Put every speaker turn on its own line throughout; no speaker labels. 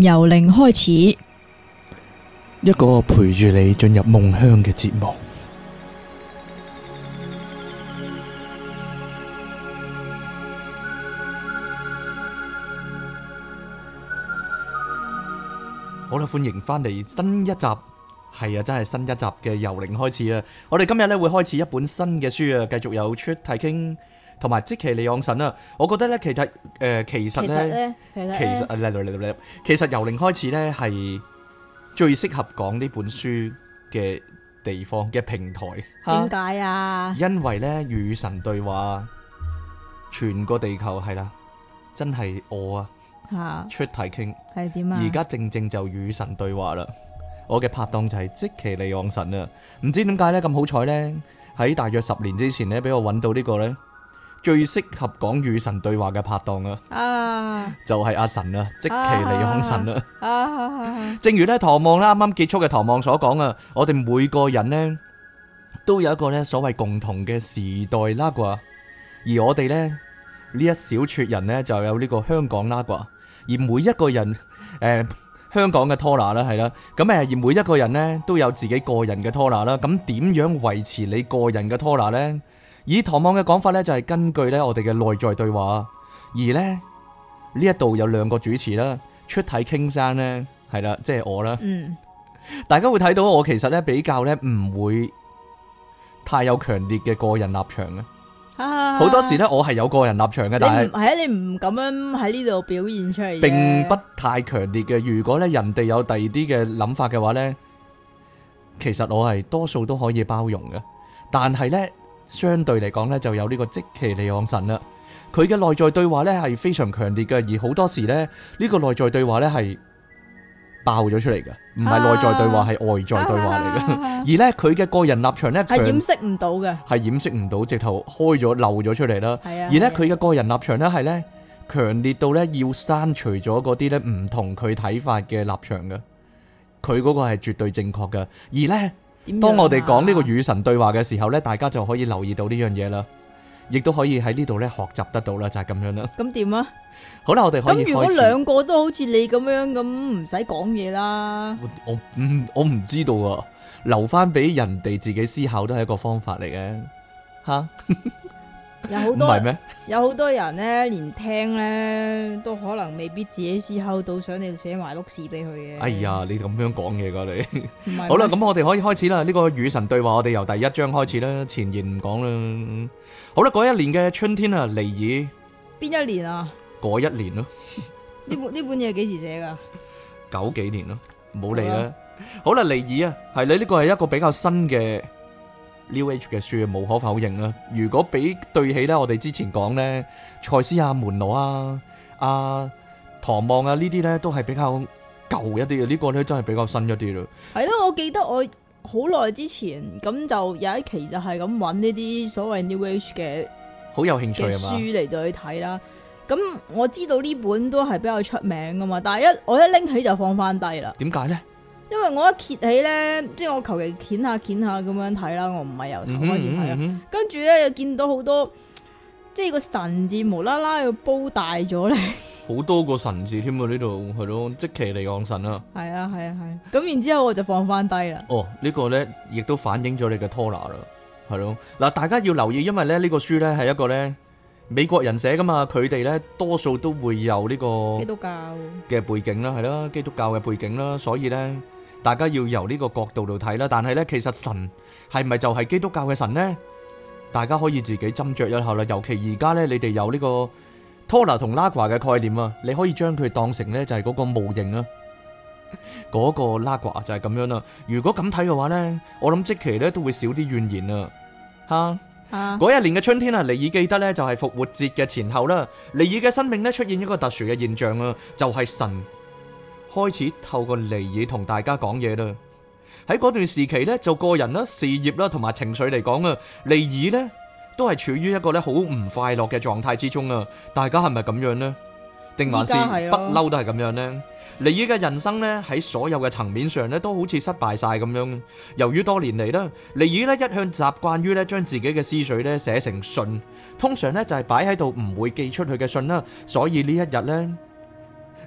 由零開
始，一個陪住你進入夢鄉嘅節目。好啦，歡迎翻嚟新一集，係啊，真係新一集嘅由零開始啊！我哋今日呢會開始一本新嘅書啊，繼續有出睇傾。同埋即其利昂神啊！我覺得咧、呃，其實誒，其實咧，
其實
其實，啊、嚟嚟嚟嚟、其實由零開始咧，係最適合講呢本書嘅地方嘅平台。點解啊？因為咧，與神對話，全個地球係啦，真係我啊，啊出題傾係點啊！而家正正就與神對話啦，我嘅拍檔就係即其利昂神啊！唔知點解咧，咁好彩咧，喺大約十年之前咧，俾我揾到個呢個咧。最適合講與神對話嘅拍檔啊，就係阿神啊，即其利空神啦，啊。啊，啊啊 正如咧，唐望啦，啱啱結束嘅唐望所講啊，我哋每個人呢，都有一個咧所謂共同嘅時代啦啩，而我哋咧呢一小撮人呢，就有呢個香港啦啩，而每一個人誒、呃、香港嘅拖拿啦係啦，咁誒而每一個人呢，都有自己個人嘅拖拿啦，咁點樣維持你個人嘅拖拿咧？以唐望嘅講法咧，就係根據咧我哋嘅內在對話，而咧呢一度有兩個主持啦，出體傾山咧係啦，即係我啦。嗯，大家會睇到我其實咧比較咧唔會太有強烈嘅個人立場啊，
好哈多時咧
我係有個人立場嘅，不但
係係啊，你唔咁樣喺呢度表現出嚟，並不
太強烈嘅。如果咧人哋有第二啲嘅諗法嘅話咧，其實我係多數都可以包容嘅，但係咧。相對嚟講咧，就有呢個即其利昂神啦。佢嘅內在對話咧係非常強烈嘅，而好多時咧呢、呢個內在對話咧係爆咗出嚟嘅，唔係內在對話，係、啊、外在對話嚟嘅。而呢，佢嘅個人立場咧係掩飾唔到嘅，係掩飾唔到，直頭開咗漏咗出嚟啦。而呢，佢嘅個人立場咧係咧強烈到咧要刪除咗嗰啲咧唔同佢睇法嘅立場嘅，佢嗰個係絕對正確嘅。而呢。當我哋講呢個與神對話嘅時候咧，啊、大家就可以留意到呢樣嘢啦，亦都可以喺呢度咧學習得到啦，就係、是、咁樣啦。咁點啊？好啦，我哋可以咁，如果兩
個都好似你咁樣咁，唔使講嘢啦。我
唔，我唔知道啊。留翻俾人哋自己思考都係一個方法嚟嘅，吓。 有好多，
有好多人咧，連聽咧都可能未必自己思考到，想你寫埋碌事俾佢
嘅。哎呀，你咁樣講嘢噶你，好啦，咁我哋可以開始啦。呢個與神對話，我哋由第一章開始啦，前言唔講啦。好啦，嗰一年嘅春天啊，尼爾，
邊一年啊？
嗰一年咯。
呢本呢本嘢幾時寫噶？
九幾年咯，冇嚟啦。好啦，尼爾啊，係你呢個係一個比較新嘅。New Age 嘅書無可否認啦，如果比對起咧，我哋之前講咧，塞斯啊、門羅啊、阿唐望啊呢啲咧，都係比較舊一啲嘅，呢個咧真係比較新一啲咯。
係咯，我記得我好耐之前咁就有一期就係咁搵呢啲所謂 New Age 嘅
好有興趣嘅書嚟
到去睇啦。咁、嗯、我知道呢本都係比較出名噶嘛，但係一我一拎起就放翻低啦。點解咧？因為我一揭起咧，即係我求其剪下剪下咁樣睇啦，我唔係由頭開始睇啊。跟住咧又見到好多，即係個神字無啦啦要煲大咗咧，
好多個神字添啊！呢度係咯，即奇離昂神啊，
係啊係啊係。咁然之後我就放翻低啦。 哦，這
個、呢個咧亦都反映咗你嘅拖拉啦，係咯。嗱，大家要留意，因為咧呢、這個書咧係一個咧美國人寫噶嘛，佢哋咧多數都會有呢個基督教嘅背景啦，係啦，基督教嘅背景啦，所以咧。大家要由呢個角度嚟睇啦，但係咧，其實神係咪就係基督教嘅神呢？大家可以自己斟酌一下啦。尤其而家咧，你哋有呢、這個 Tola 同 Laguar 嘅概念啊，你可以將佢當成咧就係嗰個模型啊，嗰、那個 Laguar 就係咁樣啦。如果咁睇嘅話咧，我諗即期咧都會少啲怨言啊。嚇，嗰一年嘅春天啊，尼爾記得咧就係、是、復活節嘅前後啦。尼爾嘅生命咧出現一個特殊嘅現象啊，就係、是、神。開始透過尼爾同大家講嘢啦，喺嗰段時期咧，就個人啦、事業啦同埋情緒嚟講啊，尼爾咧都係處於一個咧好唔快樂嘅狀態之中啊！大家係咪咁樣咧？定還是不嬲都係咁樣咧？尼爾嘅人生咧喺所有嘅層面上咧都好似失敗晒咁樣。由於多年嚟啦，尼爾咧一向習慣於咧將自己嘅思緒咧寫成信，通常咧就係擺喺度唔會寄出去嘅信啦，所以呢一日咧。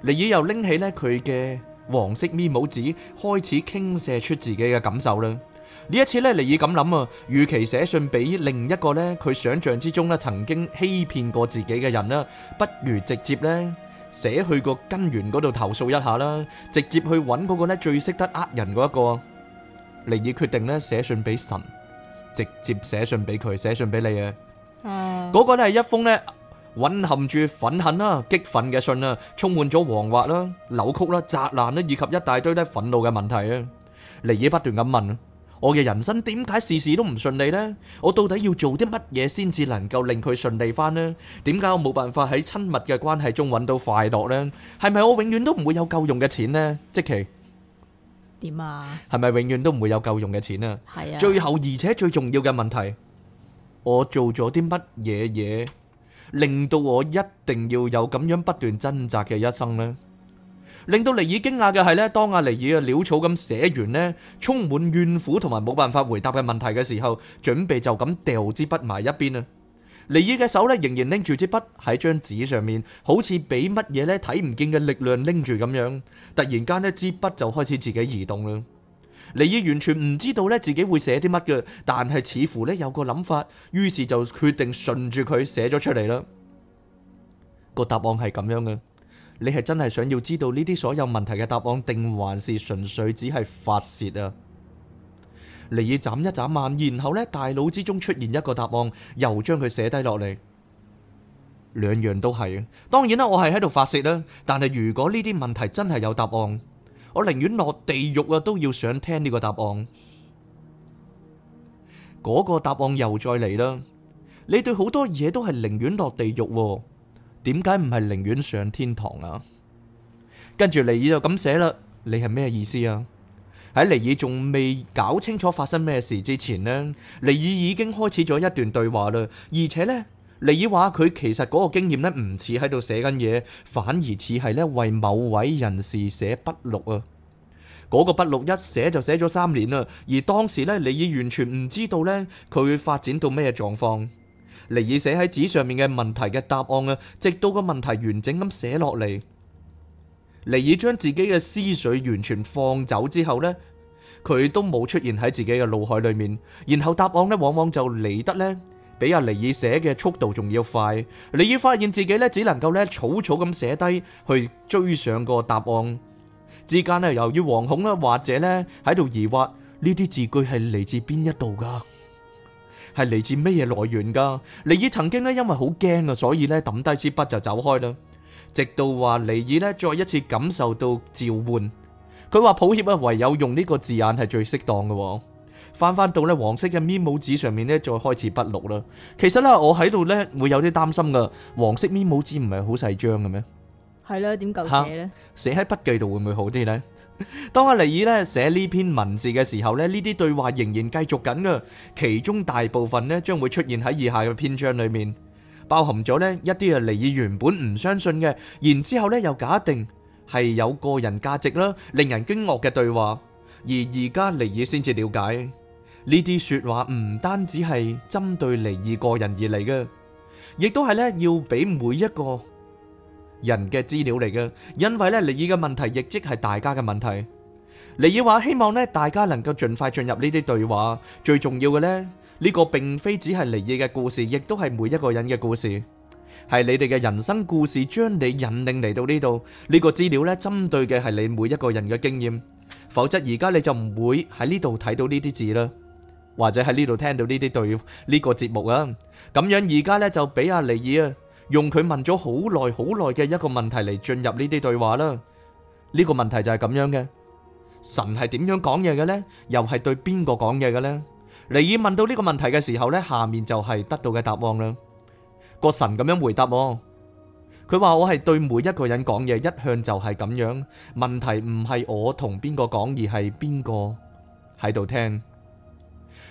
尼爾又拎起咧佢嘅黃色咪帽子，開始傾瀉出自己嘅感受啦。呢一次咧，尼爾咁諗啊，與其寫信俾另一個咧，佢想象之中咧曾經欺騙過自己嘅人啦，不如直接咧寫去個根源嗰度投訴一下啦，直接去揾嗰個咧最識得呃人嗰一個。尼爾決定咧寫信俾神，直接寫信俾佢，寫信俾你啊。嗰、嗯、個咧係一封咧。蘊含住憤恨啦、激憤嘅信啦，充滿咗黃惑啦、扭曲啦、雜亂啦，以及一大堆咧憤怒嘅問題啊！尼爾不斷咁問啊，我嘅人生點解事事都唔順利咧？我到底要做啲乜嘢先至能夠令佢順利翻呢？點解我冇辦法喺親密嘅關係中搵到快樂咧？係咪我永遠都唔會有夠用嘅錢呢？即奇
點啊？
係咪永遠都唔會有夠用嘅錢啊？係啊。最後而且最重要嘅問題，我做咗啲乜嘢嘢？令到我一定要有咁樣不斷掙扎嘅一生呢？令到尼爾驚訝嘅係呢，當阿尼爾嘅潦草咁寫完呢，充滿怨苦同埋冇辦法回答嘅問題嘅時候，準備就咁掉支筆埋一邊啊，尼爾嘅手呢，仍然拎住支筆喺張紙上面，好似俾乜嘢呢睇唔見嘅力量拎住咁樣，突然間呢支筆就開始自己移動啦。尼爾完全唔知道咧自己會寫啲乜嘅，但係似乎咧有個諗法，於是就決定順住佢寫咗出嚟啦。個答案係咁樣嘅，你係真係想要知道呢啲所有問題嘅答案，定還是純粹只係發洩啊？尼爾眨一眨眼，然後咧大腦之中出現一個答案，又將佢寫低落嚟。兩樣都係，當然啦，我係喺度發洩啦。但係如果呢啲問題真係有答案。我寧願落地獄啊，都要想聽呢個答案。嗰個答案又再嚟啦。你對好多嘢都係寧願落地獄喎，點解唔係寧願上天堂啊？跟住尼爾就咁寫啦。你係咩意思啊？喺尼爾仲未搞清楚發生咩事之前呢，尼爾已經開始咗一段對話嘞，而且呢。尼爾話佢其實嗰個經驗呢，唔似喺度寫緊嘢，反而似係呢為某位人士寫筆錄啊！嗰個筆錄一寫就寫咗三年啦，而當時呢，尼爾完全唔知道呢，佢會發展到咩狀況。尼爾寫喺紙上面嘅問題嘅答案啊，直到個問題完整咁寫落嚟，尼爾將自己嘅思緒完全放走之後呢，佢都冇出現喺自己嘅腦海裏面，然後答案呢，往往就嚟得呢。比阿尼爾寫嘅速度仲要快，尼爾發現自己咧只能夠咧草草咁寫低，去追上個答案。之間咧由於惶恐啦，或者咧喺度疑惑呢啲字句係嚟自邊一度噶，係嚟自咩嘢來源噶？尼爾曾經咧因為好驚啊，所以咧抌低支筆就走開啦。直到話尼爾咧再一次感受到召喚，佢話抱歉啊，唯有用呢個字眼係最適當嘅。翻翻到咧黃色嘅咪模紙上面咧，再開始筆錄啦。其實咧，我喺度咧會有啲擔心噶。黃色咪模紙唔係好細張嘅咩？
係啦，點夠寫咧？
寫喺筆記度會唔會好啲呢？當阿尼爾咧寫呢篇文字嘅時候咧，呢啲對話仍然繼續緊噶。其中大部分咧將會出現喺以下嘅篇章裏面，包含咗咧一啲阿尼爾原本唔相信嘅，然之後咧又假定係有個人價值啦，令人驚愕嘅對話。而而家尼爾先至了解。呢啲說話唔單止係針對尼爾個人而嚟嘅，亦都係咧要俾每一個人嘅資料嚟嘅。因為咧尼爾嘅問題亦即係大家嘅問題。尼爾話希望咧大家能夠盡快進入呢啲對話。最重要嘅呢，呢個並非只係尼爾嘅故事，亦都係每一個人嘅故事，係你哋嘅人生故事將你引領嚟到呢度。呢個資料咧針對嘅係你每一個人嘅經驗，否則而家你就唔會喺呢度睇到呢啲字啦。或者喺呢度聽到呢啲對呢個節目啊，咁樣而家呢就俾阿尼爾啊用佢問咗好耐好耐嘅一個問題嚟，進入呢啲對話啦。呢個問題就係咁樣嘅，神係點樣講嘢嘅呢？又係對邊個講嘢嘅呢？尼爾問到呢個問題嘅時候呢，下面就係得到嘅答案啦。個神咁樣回答，佢話我係對每一個人講嘢，一向就係咁樣。問題唔係我同邊個講，而係邊個喺度聽。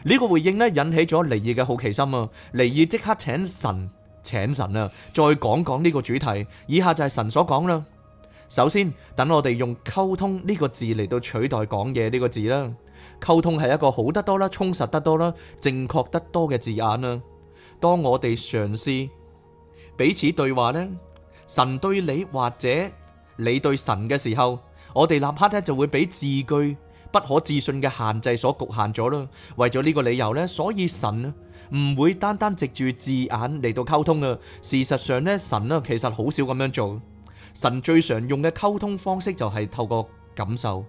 呢個回應呢引起咗尼爾嘅好奇心啊！尼爾即刻請神，請神啊！再講講呢個主題。以下就係神所講啦。首先，等我哋用溝通呢個字嚟到取代講嘢呢個字啦。溝通係一個好得多啦、充實得多啦、正確得多嘅字眼啦。當我哋嘗試彼此對話呢，神對你或者你對神嘅時候，我哋立刻呢就會俾字句。不可置信嘅限制所局限咗啦，為咗呢個理由呢，所以神啊唔會單單藉住字眼嚟到溝通啊。事實上呢，神呢其實好少咁樣做。神最常用嘅溝通方式就係透過感受，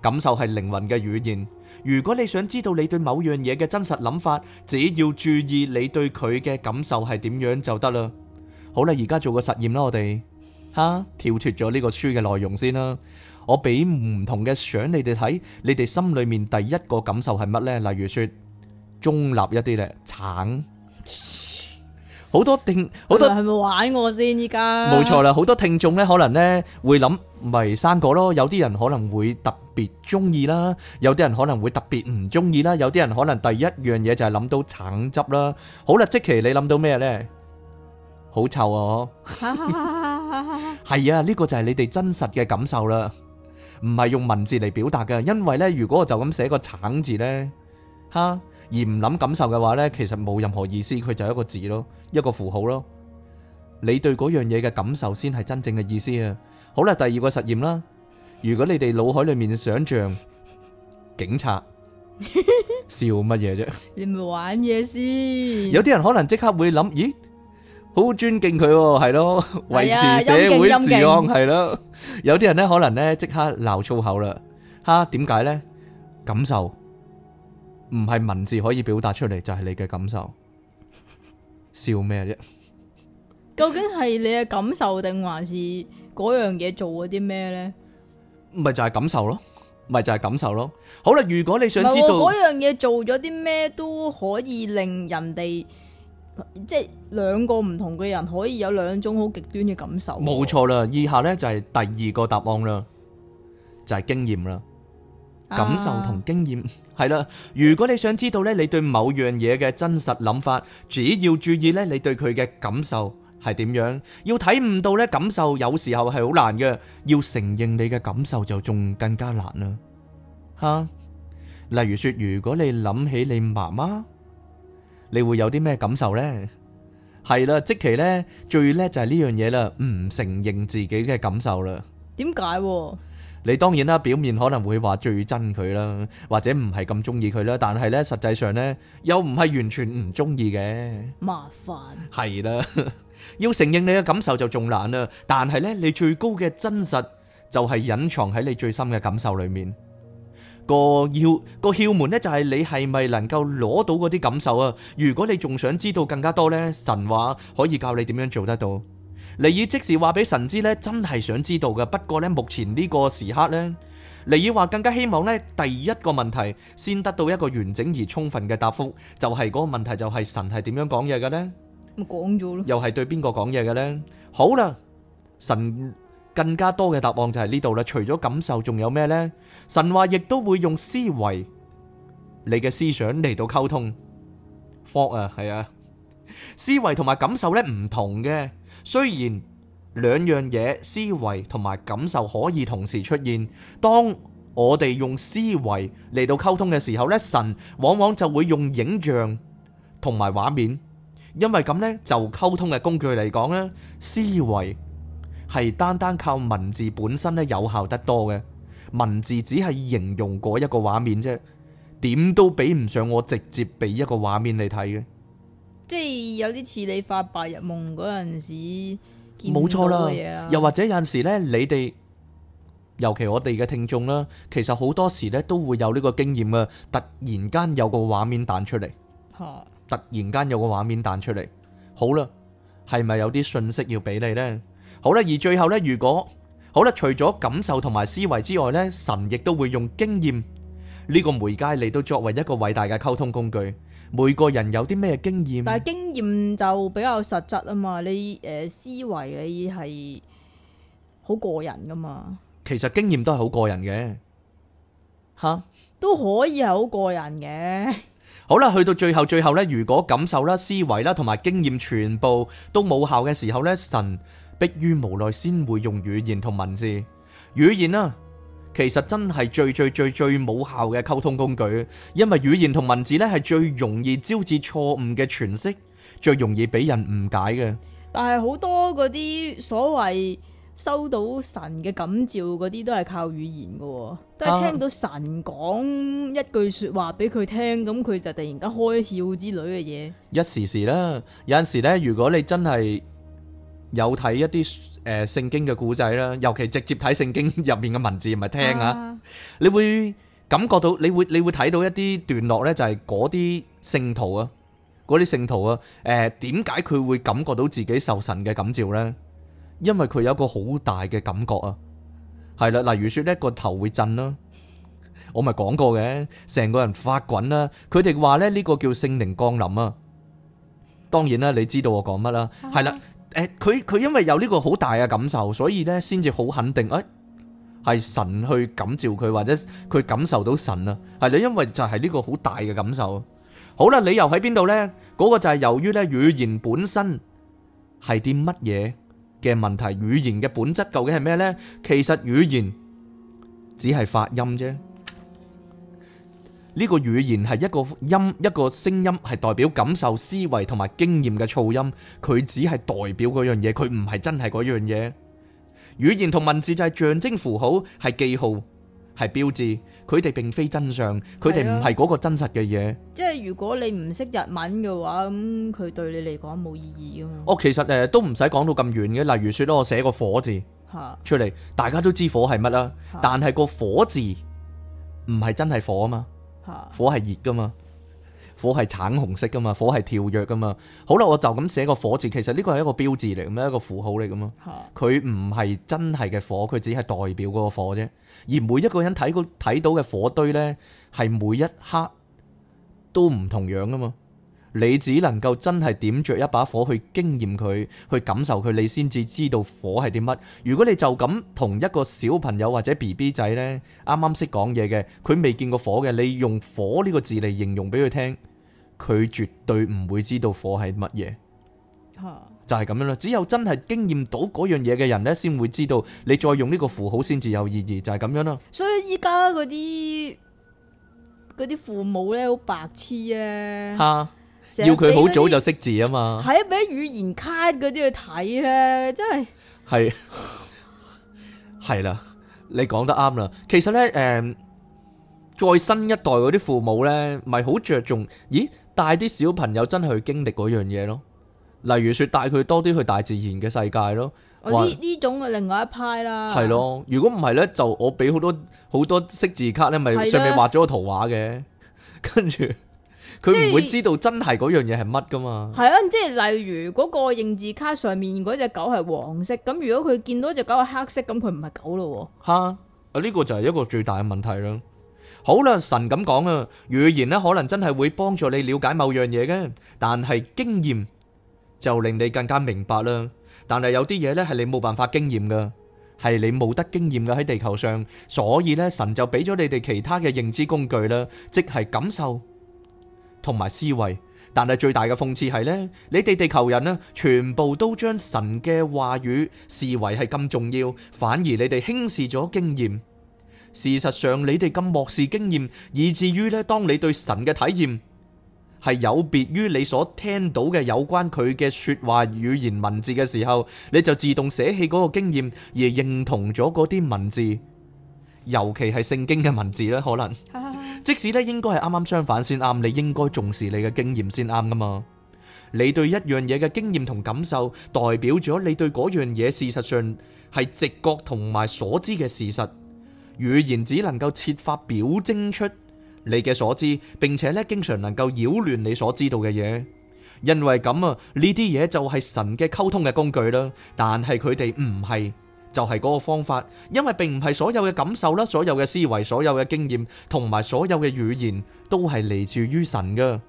感受係靈魂嘅語言。如果你想知道你對某樣嘢嘅真實諗法，只要注意你對佢嘅感受係點樣就得啦。好啦，而家做個實驗啦，我哋吓跳脫咗呢個書嘅內容先啦。我俾唔同嘅相你哋睇，你哋心裏面第一個感受係乜呢？例如說中立一啲咧，橙好多定好多係
咪玩我先？依家冇錯
啦，好多聽眾呢，可能呢會諗咪生果咯。有啲人可能會特別中意啦，有啲人可能會特別唔中意啦。有啲人可能第一樣嘢就係諗到橙汁啦。好啦，即期你諗到咩呢？好臭啊！係啊，呢個就係你哋真實嘅感受啦。唔係用文字嚟表達嘅，因為呢，如果我就咁寫個橙字呢，吓而唔諗感受嘅話呢，其實冇任何意思，佢就一個字咯，一個符號咯。你對嗰樣嘢嘅感受先係真正嘅意思啊。好啦，第二個實驗啦，如果你哋腦海裏面想象警察，笑乜嘢啫？
你咪玩嘢先。有啲
人可能即刻會諗，咦？好尊敬佢係咯，維持社會治安係咯。有啲人咧可能咧即刻鬧粗口啦。吓？點解咧？感受唔係文字可以表達出嚟，就係你嘅感受。笑咩啫？
究竟係你嘅感受定還是嗰樣嘢做咗啲咩咧？
咪就係感受咯，咪就係感受咯。好啦，如果你想知道嗰
樣嘢做咗啲咩都可以令人哋。即係兩個唔同嘅人可以有兩種好極端嘅感受。冇錯
啦，以下咧就係第二個答案啦，就係經驗啦。感受同經驗係啦。如果你想知道咧，你對某樣嘢嘅真實諗法，只要注意咧，你對佢嘅感受係點樣，要睇唔到咧感受，有時候係好難嘅。要承認你嘅感受就仲更加難啦。吓，例如說，如果你諗起你媽媽，你會有啲咩感受呢？係啦，即其呢最叻就係呢樣嘢啦，唔承認自己嘅感受啦。點解？你當然啦，表面可能會話最憎佢啦，或者唔係咁中意佢啦，但係呢實際上呢又唔係完全唔中意嘅。
麻煩。
係啦，要承認你嘅感受就仲難啦。但係呢，你最高嘅真實就係隱藏喺你最深嘅感受裏面。個竅個竅門咧就係你係咪能夠攞到嗰啲感受啊？如果你仲想知道更加多咧，神話可以教你點樣做得到。尼爾即時話俾神知咧，真係想知道嘅。不過咧，目前呢個時刻咧，尼爾話更加希望咧，第一個問題先得到一個完整而充分嘅答覆，就係嗰個問題就係神係點樣講嘢嘅咧？
咪講咗咯，
又係對邊個講嘢嘅咧？好啦，神。更加多嘅答案就係呢度啦，除咗感受，仲有咩呢？神話亦都會用思維，你嘅思想嚟到溝通。伏啊，係啊，思維同埋感受咧唔同嘅，雖然兩樣嘢思維同埋感受可以同時出現。當我哋用思維嚟到溝通嘅時候咧，神往往就會用影像同埋畫面，因為咁呢就溝通嘅工具嚟講咧，思維。係單單靠文字本身咧，有效得多嘅。文字只係形容嗰一個畫面啫，點都比唔上我直接俾一個畫面你睇嘅。
即係有啲似你發白日夢嗰陣時，
冇錯啦。又或者有陣時呢，你哋，尤其我哋嘅聽眾啦，其實好多時呢都會有呢個經驗啊,突然間有個畫面彈出嚟，突然間有個畫面彈出嚟。好啦,係咪有啲信息要俾你呢？好啦，而最後咧，如果好啦，除咗感受同埋思維之外咧，神亦都會用經驗呢個媒介嚟到作為一個偉大嘅溝通工具。每個人有啲咩經驗？但係
經驗就比較實質啊嘛。你誒思維你係好個人噶嘛？
其實經驗都係好個人嘅，吓
都可以係好個人嘅。
好啦，去到最後，最後咧，如果感受啦、思維啦同埋經驗全部都冇效嘅時候咧，神。迫於無奈先會用語言同文字，語言啊，其實真係最最最最冇效嘅溝通工具，因為語言同文字咧係最容易招致錯誤嘅詮釋，最容易俾人誤解嘅。
但係好多嗰啲所謂收到神嘅感召嗰啲，都係靠語言噶、哦，都係聽到神講一句說話俾佢聽，咁佢、啊、就突然間開竅之類嘅嘢。
一時時啦，有陣時咧，如果你真係。有睇一啲誒聖經嘅故仔啦，尤其直接睇聖經入面嘅文字，唔係聽啊，你會感覺到，你會你會睇到一啲段落咧，就係嗰啲聖徒啊，嗰啲聖徒啊，誒點解佢會感覺到自己受神嘅感召咧？因為佢有個好大嘅感覺啊，係啦，例如説咧個頭會震啦，我咪講過嘅，成個人發滾啦，佢哋話咧呢個叫聖靈降臨啊。當然啦，你知道我講乜啦，係啦。誒，佢佢因為有呢個好大嘅感受，所以呢先至好肯定，誒係神去感召佢，或者佢感受到神啊，係啦，因為就係呢個好大嘅感受。好啦，理由喺邊度呢？嗰個就係由於咧語言本身係啲乜嘢嘅問題，語言嘅本質究竟係咩呢？其實語言只係發音啫。呢個語言係一個音，一個聲音係代表感受、思維同埋經驗嘅噪音。佢只係代表嗰樣嘢，佢唔係真係嗰樣嘢。語言同文字就係象徵符號，係記號，係標誌。佢哋並非真相，佢哋唔係嗰個真實嘅嘢。
即係如果你唔識日文嘅話，咁佢對你嚟講冇意義啊
嘛。哦，其實誒都唔使講到咁遠嘅，例如說到我寫個火字出嚟，大家都知火係乜啦。但係個火字唔係真係火啊嘛。火係熱噶嘛，火係橙紅色噶嘛，火係跳躍噶嘛。好啦，我就咁寫個火字，其實呢個係一個標誌嚟咁啊，一個符號嚟噶嘛。佢唔係真係嘅火，佢只係代表嗰個火啫。而每一個人睇到睇到嘅火堆呢，係每一刻都唔同樣噶嘛。你只能夠真係點着一把火去經驗佢，去感受佢，你先至知道火係啲乜。如果你就咁同一個小朋友或者 BB 仔呢，啱啱識講嘢嘅，佢未見過火嘅，你用火呢個字嚟形容俾佢聽，佢絕對唔會知道火係乜嘢。吓、啊，就係咁樣啦。只有真係經驗到嗰樣嘢嘅人呢，先會知道。你再用呢個符號先至有意義，就係、是、咁樣啦。
所以依家嗰啲嗰啲父母呢，好白痴咧、啊。吓、
啊。要佢好早就識字啊嘛，係啊，
俾語言卡嗰啲去睇咧，真係
係係啦，你講得啱啦。其實咧，誒、呃，再新一代嗰啲父母咧，咪好着重，咦，帶啲小朋友真係去經歷嗰樣嘢咯。例如說，帶佢多啲去大自然嘅世界咯。呢呢
這說種嘅另外一派啦。係咯，
如果唔係咧，就我俾好多好多識字卡咧，咪上面畫咗個圖畫嘅，跟住的。 佢唔會知道真係嗰樣嘢係乜噶嘛？
係啊，即係例如嗰個認字卡上面嗰隻狗係黃色，咁如果佢見到隻狗係黑色，咁佢唔係狗咯？
吓，啊呢個就係一個最大嘅問題啦。好啦，神咁講啊，語言呢可能真係會幫助你了解某樣嘢嘅，但係經驗就令你更加明白啦。但係有啲嘢呢係你冇辦法經驗噶，係你冇得經驗噶喺地球上，所以呢神就俾咗你哋其他嘅認知工具啦，即係感受。同埋思維，但係最大嘅諷刺係呢：你哋地球人咧，全部都將神嘅話語視為係咁重要，反而你哋輕視咗經驗。事實上，你哋咁漠視經驗，以至於咧，當你對神嘅體驗係有別於你所聽到嘅有關佢嘅說話、語言、文字嘅時候，你就自動捨棄嗰個經驗，而認同咗嗰啲文字，尤其係聖經嘅文字咧，可能。即使咧，應該係啱啱相反先啱，你應該重視你嘅經驗先啱噶嘛？你對一樣嘢嘅經驗同感受，代表咗你對嗰樣嘢事實上係直覺同埋所知嘅事實。語言只能夠設法表徵出你嘅所知，並且咧經常能夠擾亂你所知道嘅嘢。因為咁啊，呢啲嘢就係神嘅溝通嘅工具啦。但係佢哋唔係。就係嗰個方法，因為並唔係所有嘅感受啦，所有嘅思維，所有嘅經驗，同埋所有嘅語言，都係嚟自於神噶。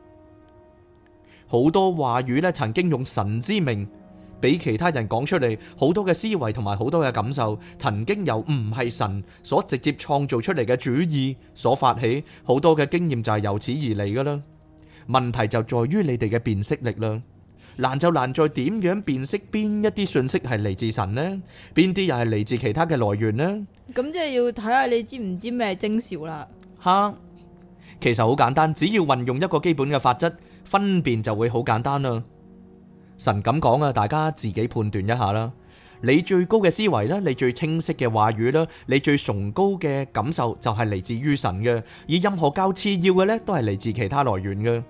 好多話語咧，曾經用神之名俾其他人講出嚟，好多嘅思維同埋好多嘅感受，曾經由唔係神所直接創造出嚟嘅主意所發起，好多嘅經驗就係由此而嚟噶啦。問題就在於你哋嘅辨識力量。難就難在點樣辨識邊一啲訊息係嚟自神呢？邊啲又係嚟自其他嘅來源呢？
咁即係要睇下你知唔知咩徵兆啦
吓！其實好簡單，只要運用一個基本嘅法則，分辨就會好簡單啦。神咁講啊，大家自己判斷一下啦。你最高嘅思維啦，你最清晰嘅話語啦，你最崇高嘅感受，就係嚟自於神嘅。以任何較次要嘅呢，都係嚟自其他來源嘅。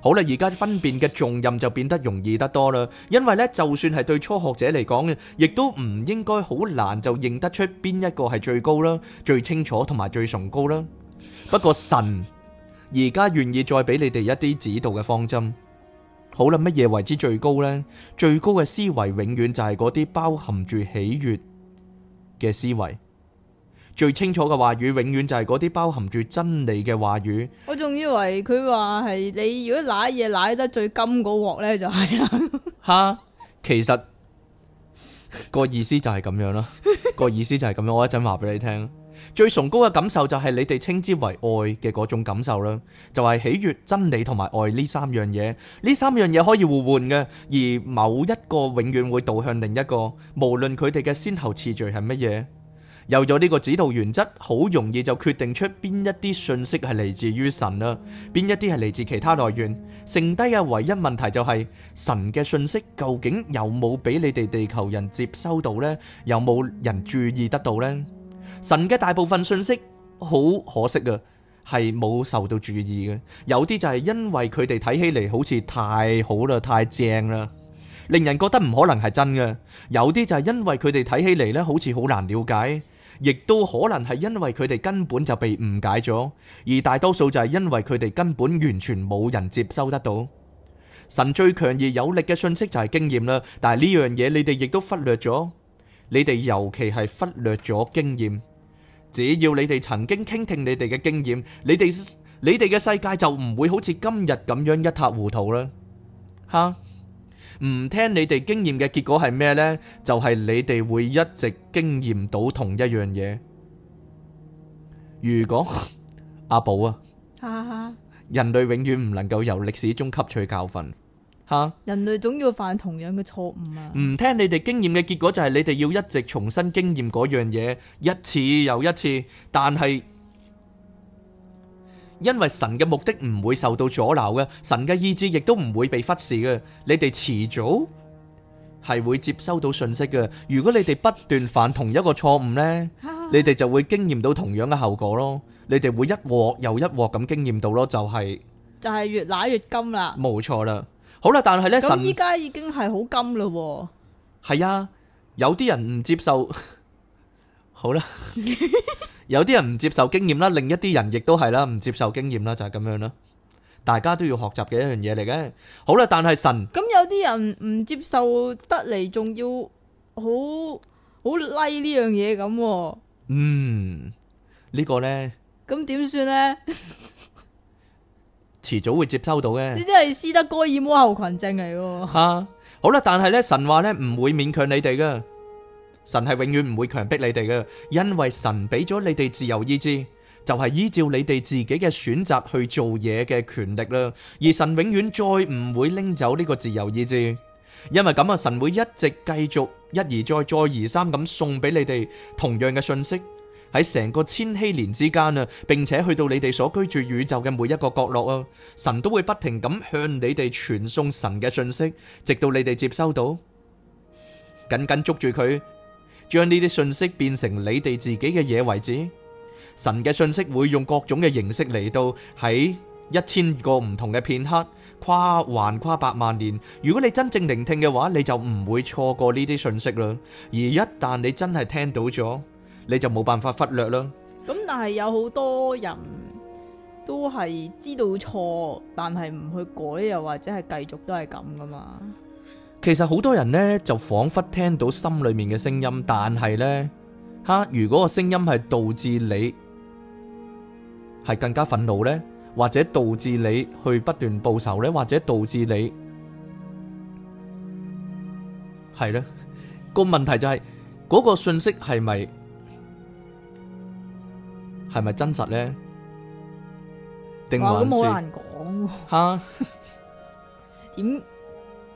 好啦，而家分辨嘅重任就變得容易得多啦，因為咧，就算係對初學者嚟講，亦都唔應該好難就認得出邊一個係最高啦、最清楚同埋最崇高啦。不過神而家願意再俾你哋一啲指導嘅方針。好啦，乜嘢為之最高呢？最高嘅思維永遠就係嗰啲包含住喜悅嘅思維。最清楚嘅話語，永遠就係嗰啲包含住真理嘅話語。
我仲以為佢話係你如果舐嘢舐得最金嗰鑊呢，就係啦。
吓，其實，個意思就係咁樣啦。 個意思就係咁樣，我一陣話俾你聽。最崇高嘅感受就係你哋稱之為愛嘅嗰種感受啦。就係、是、喜悅、真理同埋愛呢三樣嘢，呢三樣嘢可以互換嘅，而某一個永遠會導向另一個，無論佢哋嘅先後次序係乜嘢。有咗呢個指導原則，好容易就決定出邊一啲信息係嚟自於神啦，邊一啲係嚟自其他來源。剩低嘅唯一問題就係神嘅信息究竟有冇俾你哋地球人接收到呢？有冇人注意得到呢？神嘅大部分信息好可惜啊，係冇受到注意嘅。有啲就係因為佢哋睇起嚟好似太好啦、太正啦，令人覺得唔可能係真嘅。有啲就係因為佢哋睇起嚟咧，好似好難了解。亦都可能係因為佢哋根本就被誤解咗，而大多數就係因為佢哋根本完全冇人接收得到。神最強而有力嘅信息就係經驗啦，但係呢樣嘢你哋亦都忽略咗，你哋尤其係忽略咗經驗。只要你哋曾經傾聽你哋嘅經驗，你哋你哋嘅世界就唔會好似今日咁樣一塌糊塗啦，吓。唔聽你哋經驗嘅結果係咩呢？就係你哋會一直經驗到同一樣嘢。如果阿寶啊，人類永遠唔能夠由歷史中吸取教訓，吓，
人類總要犯同樣嘅錯誤啊！
唔聽你哋經驗嘅結果就係你哋要一直重新經驗嗰樣嘢一次又一次，但係。因為神嘅目的唔會受到阻撓嘅，神嘅意志亦都唔會被忽視嘅。你哋遲早係會接收到信息嘅。如果你哋不斷犯同一個錯誤咧，你哋就會經驗到同樣嘅後果咯。你哋會一鑊又一鑊咁經驗到咯，就係
就係越揦越金啦。
冇錯啦。好啦，但係咧，神依家
已經係好金啦。
係啊，有啲人唔接受。好啦，有啲人唔接受經驗啦，另一啲人亦都係啦，唔接受經驗啦，就係咁樣啦。大家都要學習嘅一樣嘢嚟嘅。好啦，但係神
咁有啲人唔接受得嚟，仲要好好賴呢樣嘢咁。嗯，
呢個咧，
咁點算咧？
遲早會接收到嘅。呢啲
係斯德哥爾摩候群症嚟嘅。
吓，好啦，但係咧，神話咧唔會勉強你哋噶。神係永遠唔會強迫你哋嘅，因為神俾咗你哋自由意志，就係、是、依照你哋自己嘅選擇去做嘢嘅權力啦。而神永遠再唔會拎走呢個自由意志，因為咁啊，神會一直繼續一而再、再而三咁送俾你哋同樣嘅信息喺成個千禧年之間啊，並且去到你哋所居住宇宙嘅每一個角落啊，神都會不停咁向你哋傳送神嘅信息，直到你哋接收到，緊緊捉住佢。將呢啲信息變成你哋自己嘅嘢為止，神嘅信息會用各種嘅形式嚟到喺一千個唔同嘅片刻，跨橫跨百萬年。如果你真正聆聽嘅話，你就唔會錯過呢啲信息啦。而一旦你真係聽到咗，你就冇辦法忽略啦。
咁但係有好多人都係知道錯，但係唔去改，又或者係繼續都係咁㗎嘛。
其實好多人咧，就仿佛聽到心裏面嘅聲音，但係咧吓，如果個聲音係導致你係更加憤怒咧，或者導致你去不斷報仇咧，或者導致你係咧，個問題就係嗰個信息係咪係咪真實咧？定話哇，咁冇難講喎吓？
點？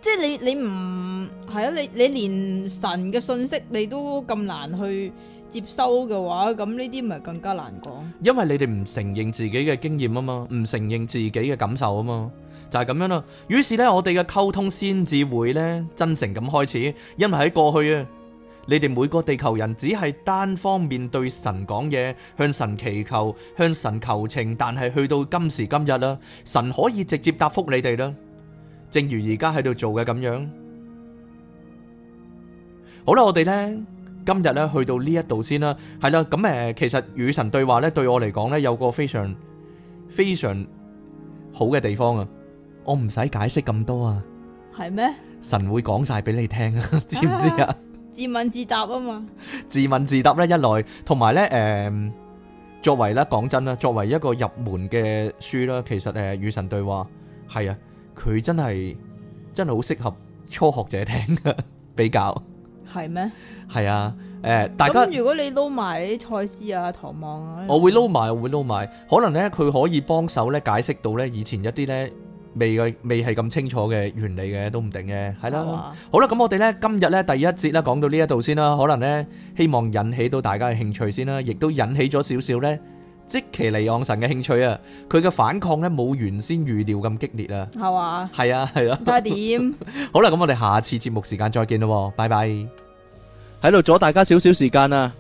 即係你你唔係啊！你你你連神嘅信息，你都咁難去接收嘅話，咁呢啲咪更加難講。
因為你哋唔承認自己嘅經驗啊嘛，唔承認自己嘅感受啊嘛，就係咁樣啦。於是呢，我哋嘅溝通先至會呢，真誠咁開始。因為喺過去啊，你哋每個地球人只係單方面對神講嘢，向神祈求，向神求情。但係去到今時今日啦，神可以直接答復你哋啦。正如而家喺度做嘅咁樣，好啦，我哋咧今日咧去到呢一度先啦，係啦，咁誒，其實與神對話咧對我嚟講咧有個非常非常好嘅地方啊，我唔使解釋咁多啊，
係咩？
神會講晒俾你聽啊，知唔知啊？
自問自答啊嘛，
自問自答咧一來，同埋咧誒，作爲咧講真啦，作爲一個入門嘅書啦，其實誒與神對話係啊。佢真係真係好適合初學者聽嘅比較，
係咩？
係啊，誒，大家。咁如
果你撈埋賽斯啊、唐望啊，我會
撈埋，我會撈埋，可能咧佢可以幫手咧解釋到咧以前一啲咧未嘅未係咁清楚嘅原理嘅都唔定嘅，係啦，好啦，咁我哋咧今日咧第一節咧，講到呢一度先啦，可能咧希望引起到大家嘅興趣先啦，亦都引起咗少少咧。即其尼昂神嘅興趣啊，佢嘅反抗咧冇原先預料咁激烈啊，係吧啊，係啊，係 啊， 唔該好啦，咁我哋下次節目時間再見咯，拜拜，喺度阻大家少少時間啊。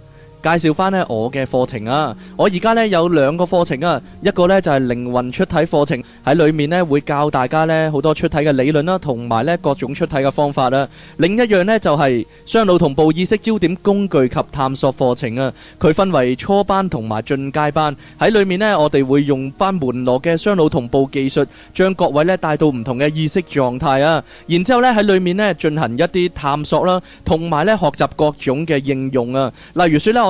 介紹翻呢我嘅課程啊，我而家呢有兩個課程啊，一個呢就係靈魂出體課程，喺裏面呢會教大家呢好多出體嘅理論啦，同埋呢各種出體嘅方法啊。另一樣呢就係雙腦同步意識焦點工具及探索課程啊。佢分為初班同埋進階班，喺裏面呢我哋會用翻門羅嘅雙腦同步技術，將各位呢帶到唔同嘅意識狀態啊。然之後呢喺裏面呢進行一啲探索啦，同埋呢學習各種嘅應用啊。例如説呢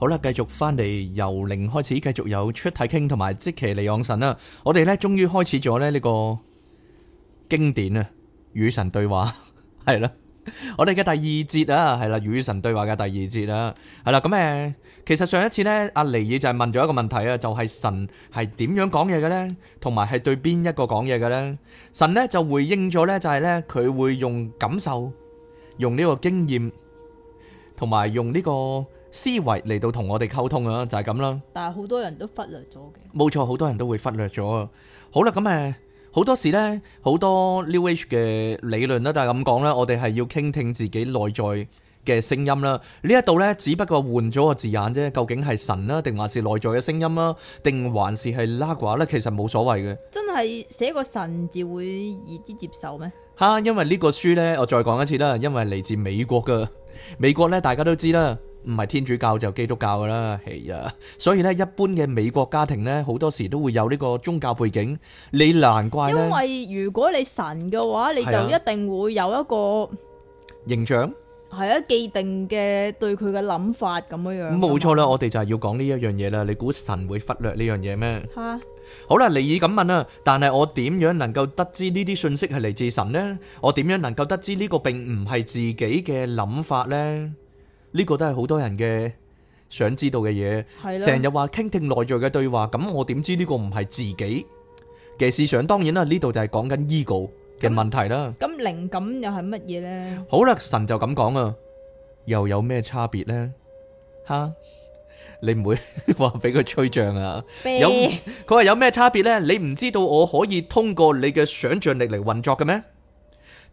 好啦，繼續翻嚟由零開始，繼續有出太傾同埋即其嚟仰神啦。我哋咧終於開始咗咧呢個經典啊，與神對話係啦，我哋嘅第二節啊係啦，與神對話嘅第二節啊係啦。咁誒，其實上一次咧阿尼爾就係問咗一個問題啊，就係神係點樣講嘢嘅咧，同埋係對邊一個講嘢嘅咧？神咧就回應咗咧，就係咧佢會用感受，用呢個經驗，同埋用呢個。思維嚟到同我哋溝通啊，就係、是、咁啦。
但係好多人都忽略咗嘅。
冇錯，好多人都會忽略咗。啊。好啦，咁誒好多時呢，好多 New Age 嘅理論啦，都係咁講啦。我哋係要傾聽自己內在嘅聲音啦。呢一度呢，只不過換咗個字眼啫。究竟係神啦、啊，定還是內在嘅聲音啦、啊，定還是係拉呱、啊、其實冇所謂嘅。
真係寫個神字會易啲接受咩？
嚇、啊，因為呢個書呢，我再講一次啦，因為嚟自美國㗎，美國呢，大家都知啦。唔係天主教就基督教噶啦，係啊，所以咧，一般嘅美國家庭咧，好多時都會有呢個宗教背景。你難怪咧，因為
如果你神嘅話，你就一定會有一個形象，係啊，既定嘅對佢嘅諗法咁樣樣。咁冇錯
啦，我哋就係要講呢一樣嘢啦。你估神會忽略呢樣嘢咩？吓，好啦，你以咁問啦，但係我點樣能夠得知呢啲信息係嚟自神呢？我點樣能夠得知呢個並唔係自己嘅諗法呢？呢個都係好多人嘅，想知道嘅嘢，成日話傾聽內在嘅對話，咁我點知呢個唔係自己嘅思想？當然啦，呢度就係講緊 ego 嘅問題啦。
咁嗯嗯、靈感又係乜嘢呢？
好啦，神就咁講啊，又有咩差別呢？吓，你唔會話俾佢吹脹啊？ 有，佢話有咩差別呢？你唔知道我可以通過你嘅想象力嚟運作嘅咩？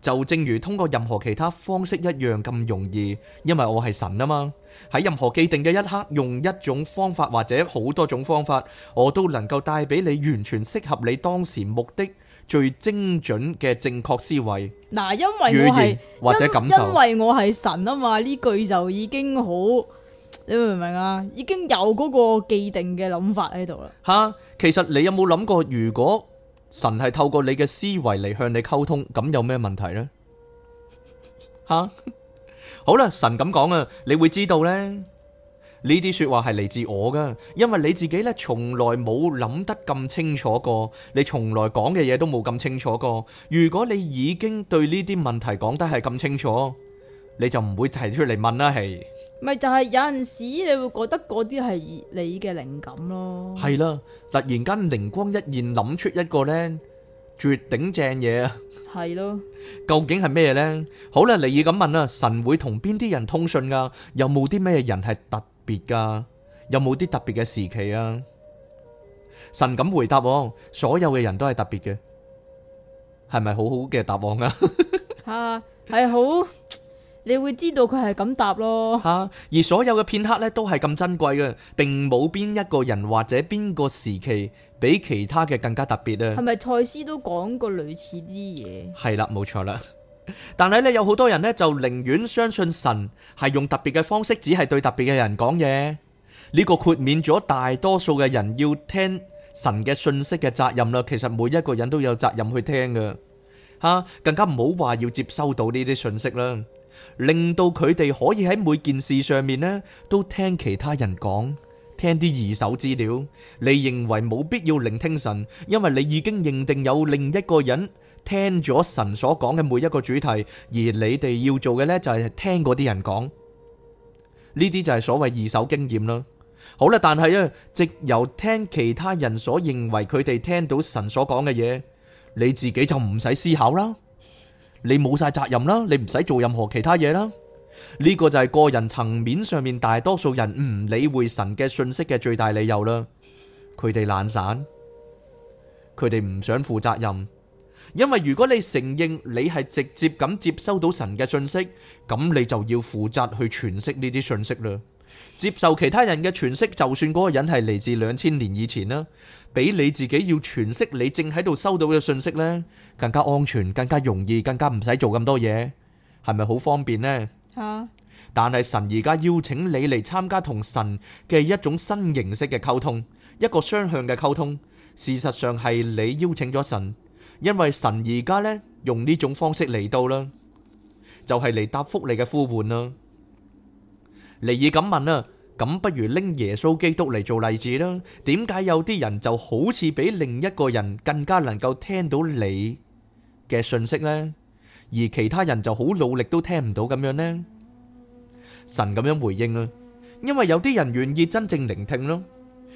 就正如通過任何其他方式一樣咁容易，因為我係神啊嘛。喺任何既定嘅一刻，用一種方法或者好多種方法，我都能夠帶俾你完全適合你當時目的、最精準嘅正確思維。
嗱，因為我係，語言，因，或者感受，因為我係神啊嘛。呢句就已經好，你明唔明啊？已經有嗰個既定嘅諗法喺度啦。
吓，其實你有冇諗過，如果？神係透過你嘅思維嚟向你溝通，咁有咩問題呢？吓， 好啦，神咁講啊，你會知道呢。呢啲說話係嚟自我噶，因為你自己呢從來冇諗得咁清楚過，你從來講嘅嘢都冇咁清楚過。如果你已經對呢啲問題講得係咁清楚。你就唔會提出嚟問啦，係
咪就係有陣時你會覺得嗰啲係你嘅靈感咯？係啦，
突然間靈光一現諗出一個呢絕頂正嘢啊！係咯，究竟係咩呢？好啦，你而咁問啦，神會同邊啲人通訊噶？有冇啲咩人係特別噶？有冇啲特別嘅時期啊？神咁回答：所有嘅人都係特別嘅，係咪好好嘅答案啊？
啊，係好。你會知道佢係咁答咯，
吓，而所有嘅片刻呢都係咁珍貴嘅，並冇邊一個人或者邊個時期比其他嘅更加特別啊！係
咪蔡司都講過類似啲嘢？
係啦，冇錯啦。但係呢，有好多人呢就寧願相信神係用特別嘅方式，只係對特別嘅人講嘢。呢個豁免咗大多數嘅人要聽神嘅信息嘅責任啦。其實每一個人都有責任去聽㗎吓，更加唔好話要接收到呢啲信息啦。令到佢哋可以喺每件事上面呢，都聽其他人講，聽啲二手資料。你認為冇必要聆聽神，因為你已經認定有另一個人聽咗神所講嘅每一個主題，而你哋要做嘅呢就係聽嗰啲人講。呢啲就係所謂二手經驗啦。好啦，但係啊，藉由聽其他人所認為佢哋聽到神所講嘅嘢，你自己就唔使思考啦。你冇晒責任啦，你唔使做任何其他嘢啦。呢個就係個人層面上面大多數人唔理會神嘅信息嘅最大理由啦。佢哋懶散，佢哋唔想負責任。因為如果你承認你係直接咁接收到神嘅信息，咁你就要負責去詮釋呢啲信息啦。接受其他人嘅詮釋，就算嗰個人係嚟自兩千年以前啦，比你自己要詮釋你正喺度收到嘅信息呢，更加安全、更加容易、更加唔使做咁多嘢，係咪好方便呢？吓、啊！但係神而家邀請你嚟參加同神嘅一種新形式嘅溝通，一個雙向嘅溝通。事實上係你邀請咗神，因為神而家呢，用呢種方式嚟到啦，就係、是、嚟答覆你嘅呼喚啦。利而咁問啦，咁不如拎耶穌基督嚟做例子啦。點解有啲人就好似比另一個人更加能夠聽到你嘅信息呢？而其他人就好努力都聽唔到咁樣呢？神咁樣回應啦，因為有啲人願意真正聆聽咯。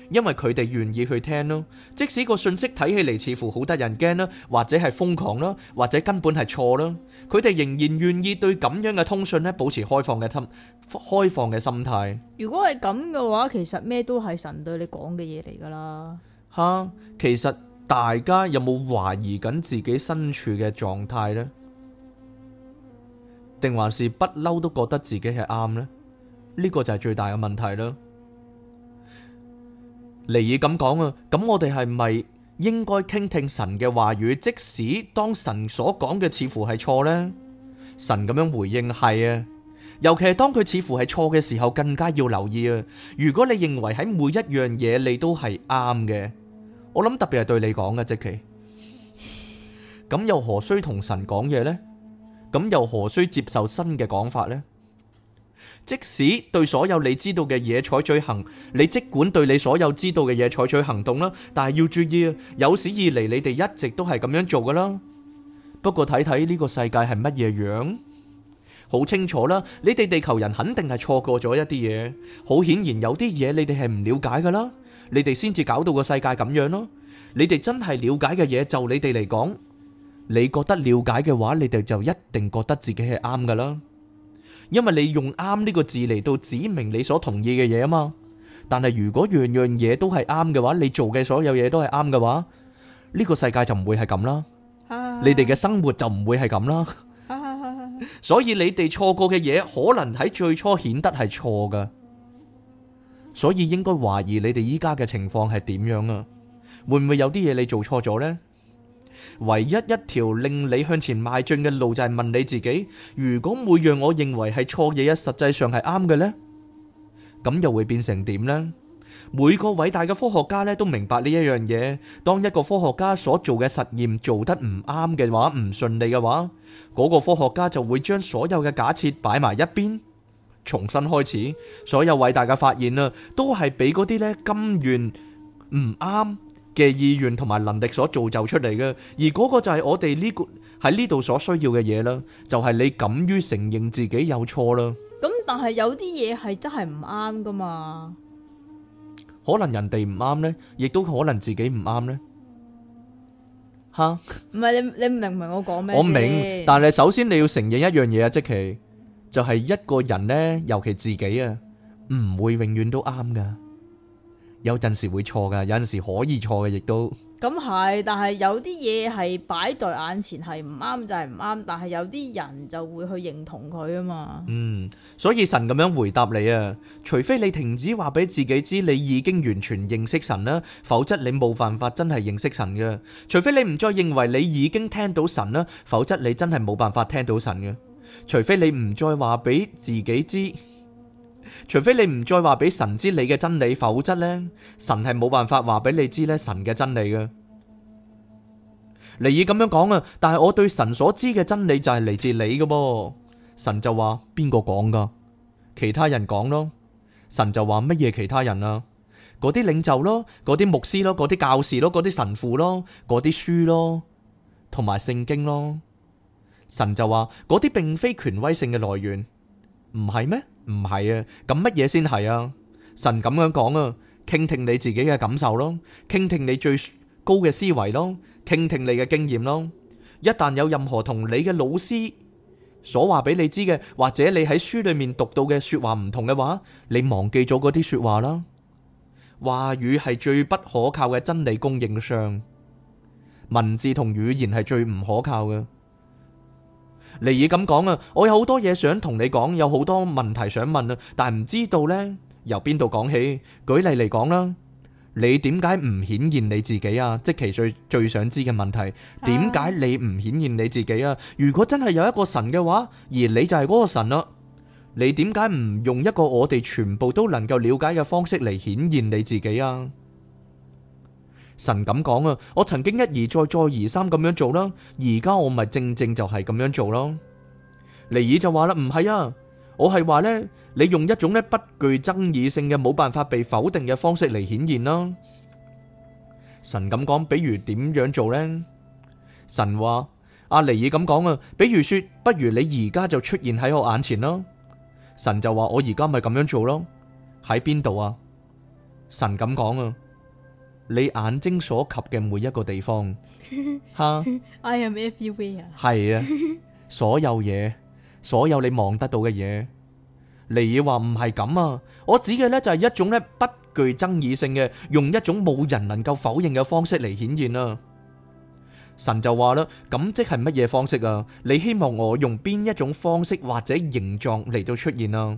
因為佢哋願意去聽咯，即使個信息睇起嚟似乎好得人驚啦，或者係瘋狂啦，或者根本係錯啦，佢哋仍然願意對咁樣嘅通訊咧保持開放嘅心開放嘅心態。
如果係咁嘅話，其實咩都係神對你講嘅嘢嚟噶啦。
吓，其實大家有冇懷疑緊自己身處嘅狀態呢？定還是不嬲都覺得自己係啱呢？呢個就係最大嘅問題啦。尼爾咁講啊，咁我哋係咪應該傾聽神嘅話語，即使當神所講嘅似乎係錯呢？神咁樣回應，係啊，尤其係當佢似乎係錯嘅時候，更加要留意啊！如果你認為喺每一樣嘢你都係啱嘅，我諗特別係對你講嘅，即其咁又何須同神講嘢呢？咁又何須接受新嘅講法呢？即使對所有你知道嘅嘢採取行動，你即管對你所有知道嘅嘢採取行動啦，但係要注意，有史以嚟你哋一直都係咁樣做噶啦。不過睇睇呢個世界係乜嘢樣，好清楚啦。你哋地球人肯定係錯過咗一啲嘢，好顯然有啲嘢你哋係唔了解噶啦。你哋先至搞到個世界咁樣咯。你哋真係了解嘅嘢，就你哋嚟講，你覺得了解嘅話，你哋就一定覺得自己係啱噶啦。因為你用啱呢個字嚟到指明你所同意嘅嘢啊嘛，但係如果樣樣嘢都係啱嘅話，你做嘅所有嘢都係啱嘅話，呢個世界就唔會係咁啦，
你哋嘅
生活就唔會係咁啦， 所以你哋錯過嘅嘢可能喺最初顯得係錯㗎，所以應該懷疑你哋依家嘅情況係點樣啊？會唔會有啲嘢你做錯咗呢？唯一一條令你向前邁進嘅路就係問你自己：如果每樣我認為係錯嘢，一實際上係啱嘅呢？咁又會變成點呢？」每個偉大嘅科學家咧都明白呢一樣嘢。當一個科學家所做嘅實驗做得唔啱嘅話，唔順利嘅話，嗰、那個科學家就會將所有嘅假設擺埋一邊，重新開始。所有偉大嘅發現啊，都係俾嗰啲咧甘願唔啱。嘅意願同埋能力所造就出嚟嘅，而嗰個就係我哋呢個喺呢度所需要嘅嘢啦，就係你敢於承認自己有錯啦。
咁但係有啲嘢係真係唔啱噶嘛？
可能人哋唔啱呢，亦都可能自己唔啱呢。吓，
唔係你你唔明，唔明我講咩？我明，但係
首先你要承認一樣嘢啊，即其就係一個人呢，尤其自己啊，唔會永遠都啱噶。有陣時會錯噶，有陣時可以錯嘅，亦都
咁係。但係有啲嘢係擺在眼前係唔啱就係唔啱，但係有啲人就會去認同佢啊嘛。嗯，
所以神咁樣回答你啊，除非你停止話俾自己知你已經完全認識神啦，否則你冇辦法真係認識神嘅。除非你唔再認為你已經聽到神啦，否則你真係冇辦法聽到神嘅。除非你唔再話俾自己知。除非你唔再話俾神知你嘅真理，否則呢，神係冇辦法話俾你知呢神嘅真理嘅。尼爾咁樣講啊，但係我對神所知嘅真理就係嚟自你嘅。噉神就話邊個講㗎？其他人講咯。神就話乜嘢？其他人啊？嗰啲領袖咯，嗰啲牧師咯，嗰啲教士咯，嗰啲神父咯，嗰啲書咯，同埋聖經咯。神就話嗰啲並非權威性嘅來源，唔係咩？唔係啊，咁乜嘢先係啊？神咁樣講啊，傾聽你自己嘅感受咯，傾聽你最高嘅思維咯，傾聽你嘅經驗咯。一旦有任何同你嘅老師所話俾你知嘅，或者你喺書裏面讀到嘅說話唔同嘅話，你忘記咗嗰啲說話啦。話語係最不可靠嘅真理供應商，文字同語言係最唔可靠嘅。你咁講啊，我有好多嘢，想同你講，有好多問題想問啊，但係唔知道呢，由邊度講起？舉例嚟講啦，你點解唔顯現你自己啊？即其最最想知嘅問題，點解你唔顯現你自己啊？如果真係有一個神嘅話，而你就係嗰個神啦、啊，你點解唔用一個我哋全部都能夠了解嘅方式嚟顯現你自己啊？神咁講啊，我曾經一而再、再而三咁樣做啦，而家我咪正正就係咁樣做咯。尼爾就話啦，唔係啊，我係話呢，你用一種咧不具爭議性嘅、冇辦法被否定嘅方式嚟顯現啦。神咁講，比如點樣做呢？神話阿、啊、尼爾咁講啊，比如說，不如你而家就出現喺我眼前咯。神就話我而家咪咁樣做咯，喺邊度啊？神咁講啊。你眼睛所及嘅每一個地方，吓
，I am everywhere。
係啊，所有嘢，所有你望得到嘅嘢。你話唔係咁啊？我指嘅呢就係一種呢不具爭議性嘅，用一種冇人能夠否認嘅方式嚟顯現啊。神就話啦，咁即係乜嘢方式啊？你希望我用邊一種方式或者形狀嚟到出現啊？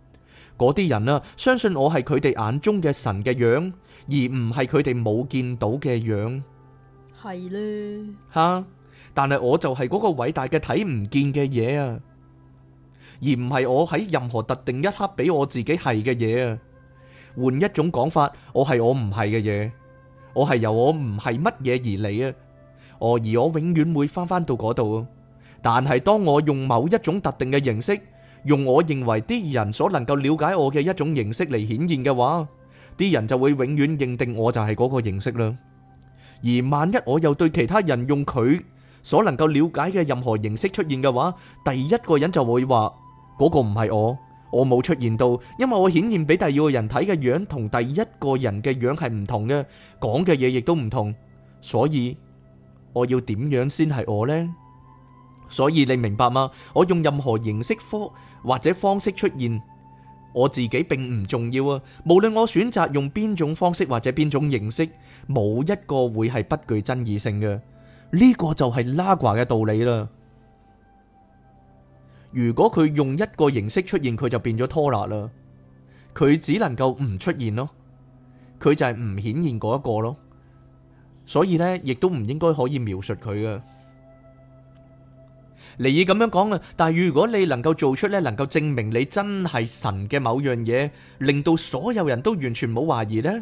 嗰啲人啊，相信我係佢哋眼中嘅神嘅樣，而唔係佢哋冇見到嘅樣。
係咧
吓，但係我就係嗰個偉大嘅睇唔見嘅嘢啊，而唔係我喺任何特定一刻俾我自己係嘅嘢啊。換一種講法，我係我唔係嘅嘢，我係由我唔係乜嘢而嚟啊。哦，而我永遠會翻翻到嗰度啊。但係當我用某一種特定嘅形式，用我認為啲人所能夠了解我嘅一種形式嚟顯現嘅話，啲人就會永遠認定我就係嗰個形式啦。而萬一我又對其他人用佢所能夠了解嘅任何形式出現嘅話，第一個人就會話嗰個唔係我，我冇出現到，因為我顯現俾第二個人睇嘅樣同第一個人嘅樣係唔同嘅，講嘅嘢亦都唔同，所以我要點樣先係我呢？所以你明白嗎？我用任何形式或、或者方式出現，我自己並唔重要啊。無論我選擇用邊種方式或者邊種形式，冇一個會係不具爭議性嘅。呢個就係拉瓜嘅道理啦。如果佢用一個形式出現，佢就變咗拖拉啦。佢只能夠唔出現咯，佢就係唔顯現嗰一個咯。所以呢，亦都唔應該可以描述佢嘅。你以咁樣講啦！但係如果你能夠做出咧，能夠證明你真係神嘅某樣嘢，令到所有人都完全冇懷疑呢，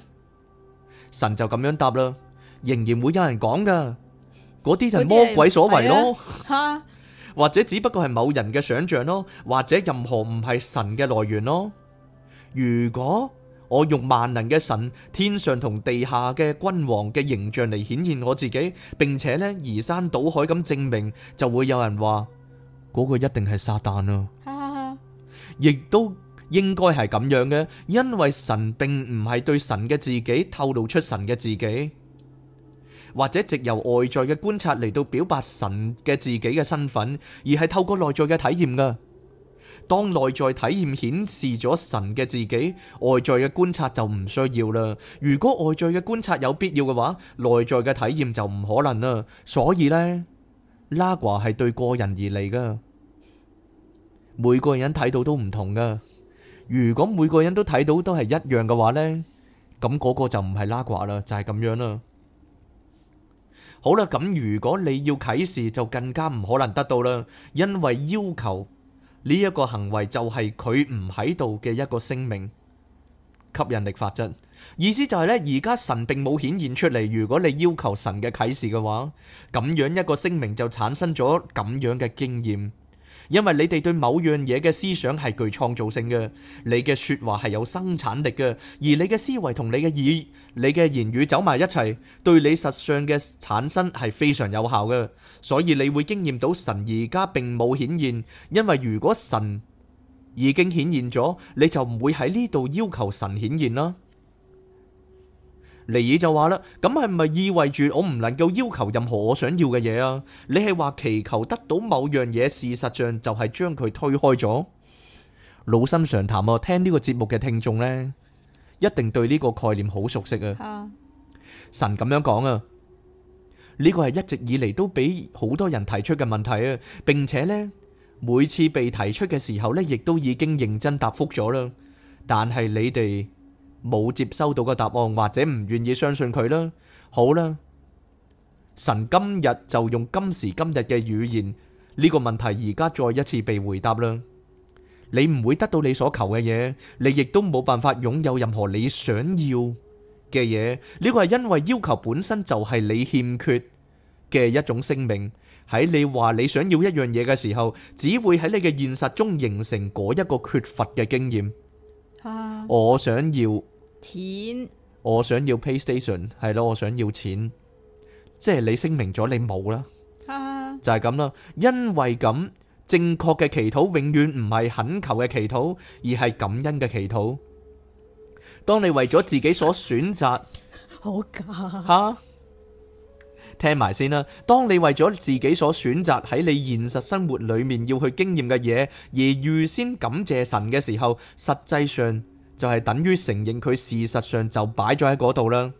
神就咁樣答啦。仍然會有人講噶，嗰啲就魔鬼所為咯，啊、或者只不過係某人嘅想象咯，或者任何唔係神嘅來源咯。如果我用萬能嘅神，天上同地下嘅君王嘅形象嚟顯現我自己，並且呢移山倒海咁證明，就會有人話嗰個一定係撒旦啊！亦都應該係咁樣嘅，因為神並唔係對神嘅自己透露出神嘅自己，或者藉由外在嘅觀察嚟到表白神嘅自己嘅身份，而係透過內在嘅體驗噶。當內在體驗顯示咗神嘅自己，外在嘅觀察就唔需要啦。如果外在嘅觀察有必要嘅話，內在嘅體驗就唔可能啦。所以呢，拉卦係對個人而嚟噶，每個人睇到都唔同噶。如果每個人都睇到都係一樣嘅話呢，咁嗰個就唔係拉卦啦，就係、是、咁樣啦。好啦，咁如果你要啟示，就更加唔可能得到啦，因為要求。呢一個行為就係佢唔喺度嘅一個聲明，吸引力法則意思就係呢：而家神並冇顯現出嚟。如果你要求神嘅啟示嘅話，咁樣一個聲明就產生咗咁樣嘅經驗。因為你哋對某樣嘢嘅思想係具創造性嘅，你嘅說話係有生產力嘅，而你嘅思維同你嘅意、你嘅言語走埋一齊，對你實相嘅產生係非常有效嘅，所以你會經驗到神而家並冇顯現。因為如果神已經顯現咗，你就唔會喺呢度要求神顯現啦。尼爾就話啦，咁係咪意味住我唔能夠要求任何我想要嘅嘢啊？你係話祈求得到某樣嘢，事實上就係將佢推開咗？老生常談啊，聽呢個節目嘅聽眾呢，一定對呢個概念好熟悉啊。神咁樣講啊，呢個係一直以嚟都俾好多人提出嘅問題啊，並且呢，每次被提出嘅時候呢，亦都已經認真答覆咗啦。但係你哋。冇接收到個答案，或者唔願意相信佢啦。好啦，神今日就用今時今日嘅語言，呢個問題而家再一次被回答啦。你唔會得到你所求嘅嘢，你亦都冇辦法擁有任何你想要嘅嘢。呢個係因為要求本身就係你欠缺嘅一種聲明。喺你話你想要一樣嘢嘅時候，只會喺你嘅現實中形成嗰一個缺乏嘅經驗。我想要錢，我想要 PlayStation 係咯，我想要錢，即係你聲明咗你冇啦，
就
係咁啦。因為咁，正確嘅祈禱永遠唔係懇求嘅祈禱，而係感恩嘅祈禱。當你為咗自己所選擇，
好假。
聽埋先啦。當你為咗自己所選擇喺你現實生活裏面要去經驗嘅嘢而預先感謝神嘅時候，實際上就係等於承認佢事實上就擺咗喺嗰度啦。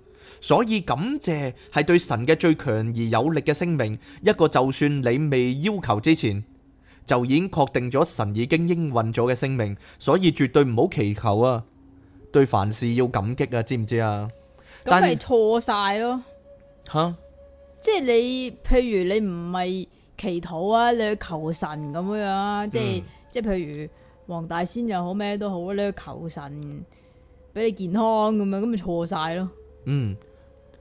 所以感謝係對神嘅最強而有力嘅聲明。一個就算你未要求之前，就已經確定咗神已經應允咗嘅聲明。所以絕對唔好祈求啊！對凡事要感激啊，知唔知啊？錯但咪
錯晒咯，
吓！
即係你，譬如你唔係祈禱啊，你去求神咁樣啊，即係即係譬如黃大仙又好咩都好啊，你去求神俾你健康咁樣，咁咪錯晒咯。
嗯，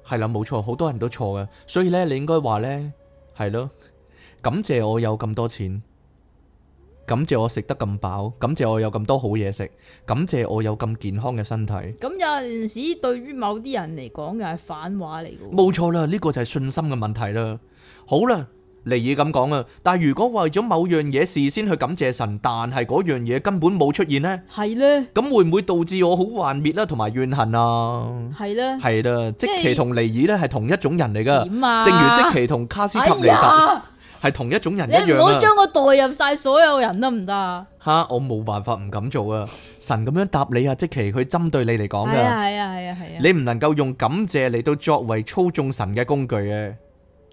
係啦，冇錯，好多人都錯嘅，所以咧你應該話咧係咯，感謝我有咁多錢。感謝我食得咁飽，感謝我有咁多好嘢食，感謝我有咁健康嘅身體。
咁有陣時，對於某啲人嚟講，又係反話嚟嘅。冇
錯啦，呢個就係信心嘅問題啦。好啦，尼爾咁講啊，但係如果為咗某樣嘢事先去感謝神，但係嗰樣嘢根本冇出現咧，係咧，咁會唔會導致我好幻滅啦，同埋怨恨啊？係咧，係啦，積奇同尼爾咧係同一種人嚟噶，正如積奇同卡斯塔尼達。係同一種人一樣，啊，你唔好將我
代入晒所有人得唔得？
吓，我冇辦法唔敢做啊！神咁樣答你啊，即其去針對你嚟講嘅，係啊係啊係啊，你唔能夠用感謝嚟到作為操縱神嘅工具